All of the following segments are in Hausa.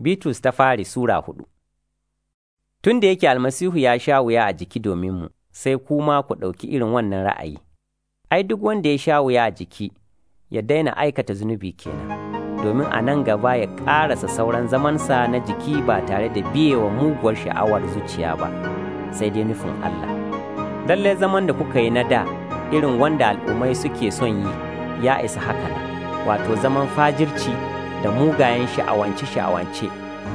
Bitrus ta fari Sura hudu Tun da yake almasihu ya sha wuya a jiki mu, sai kuma ku ɗauki irin wannan ra'ayi. Ai, duk wanda ya sha wuya a jiki, ya daina aikata zunubi kenan, domin a nan gaba ya ƙarasa sauran zamansa na jiki ba tare da biye wa muguwar sha'awar zuciya ba, sai dai nufin Allah. Lallai zaman da kuka yi na da irin wanda al'ummai suke son yi, ya isa haka wato zaman fajirci. da mugayen sha'awance-sha'awance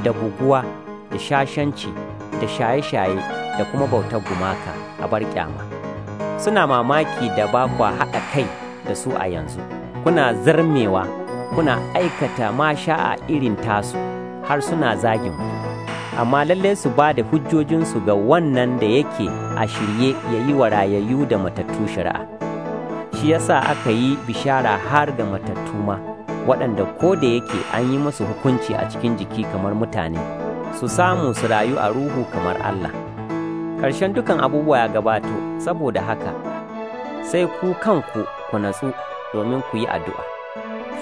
da buguwa da shashanci da shaye-shaye da kuma bautar gumaka a bar kyama suna mamaki da ba kwa haɗa kai da su a yanzu kuna zarmewa kuna aikata a irin tasu har suna zagin amma lallai su ba da hujjojinsu ga wannan da yake a shirye ya yi wa rayayyu da matattu shari'a shi yasa aka yi bishara har ga matattu ma waɗanda ko da yake an yi musu hukunci a cikin jiki kamar mutane su samu su rayu a ruhu kamar Allah ƙarshen dukan abubuwa ya gabato saboda haka sai ku kanku ku natsu domin ku yi addu'a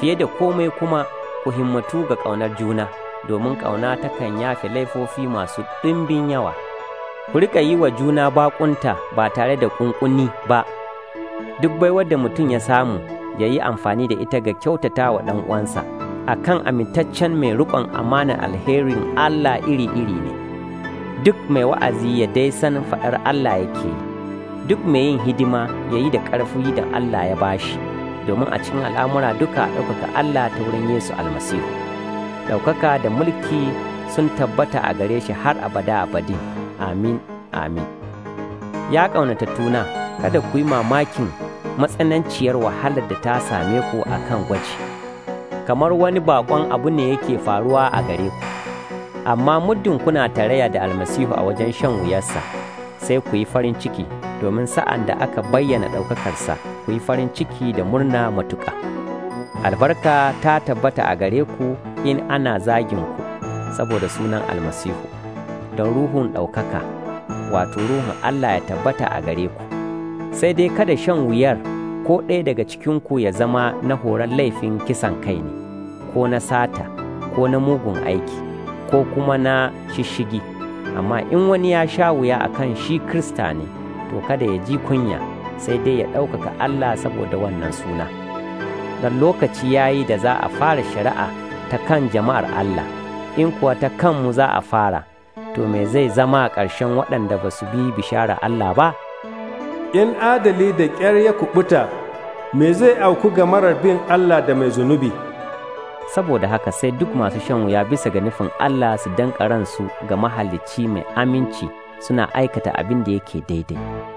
fiye da komai kuma ku himmatu ga ƙaunar juna domin ƙauna takan yafe laifofi masu ɗimbin yawa ku riƙa yi wa juna baƙunta ba tare da ƙunƙuni ba duk baiwar da mutum ya samu ya yi amfani da ita ga kyautata wa ɗan uwansa a kan amintaccen mai rikon amana alherin Allah iri-iri ne duk mai wa'azi ya dai san faɗar Allah yake ke. duk mai yin hidima ya yi da ƙarfi da Allah ya bashi domin a cikin al'amura duka ɗaukaka Allah ta wurin Yesu almasihu ɗaukaka da mulki sun tabbata a gare shi har abada abadin amin amin ya ƙaunatattuna kada ku yi mamakin matsananciyar wahalar da ta same ku a kan gwaji kamar wani bakon abu ne yake faruwa a gare ku amma muddin kuna taraya da almasihu a wajen shan wuyarsa sai ku yi farin ciki domin sa'an da aka bayyana ɗaukakarsa ku yi farin ciki da murna matuƙa albarka ta tabbata a gare ku in ana zagin ku saboda sunan almasihu don ruhun ɗaukaka wato ruhun allah ya tabbata a gare ku sai dai kada shan wuyar ko ɗaya daga cikinku ya zama na horon laifin kisan kai ne ko na sata ko na mugun aiki ko kuma na shishigi amma in wani ya sha wuya a kan shi krista ne to kada ya ji kunya sai dai ya ɗaukaka allah saboda wannan suna don lokaci ya yi da za a fara shari'a ta kan jama'ar allah in kuwa ta kanmu za a fara to me zai zama a ƙarshen waɗanda ba su bi bishara allah ba in adali da ƙyar ya kubuta me zai auku ga marar bin Allah da mai zunubi saboda haka sai duk masu shan wuya bisa ga nufin Allah su danƙa ransu ga mahalicci mai aminci suna aikata abin da yake daidai.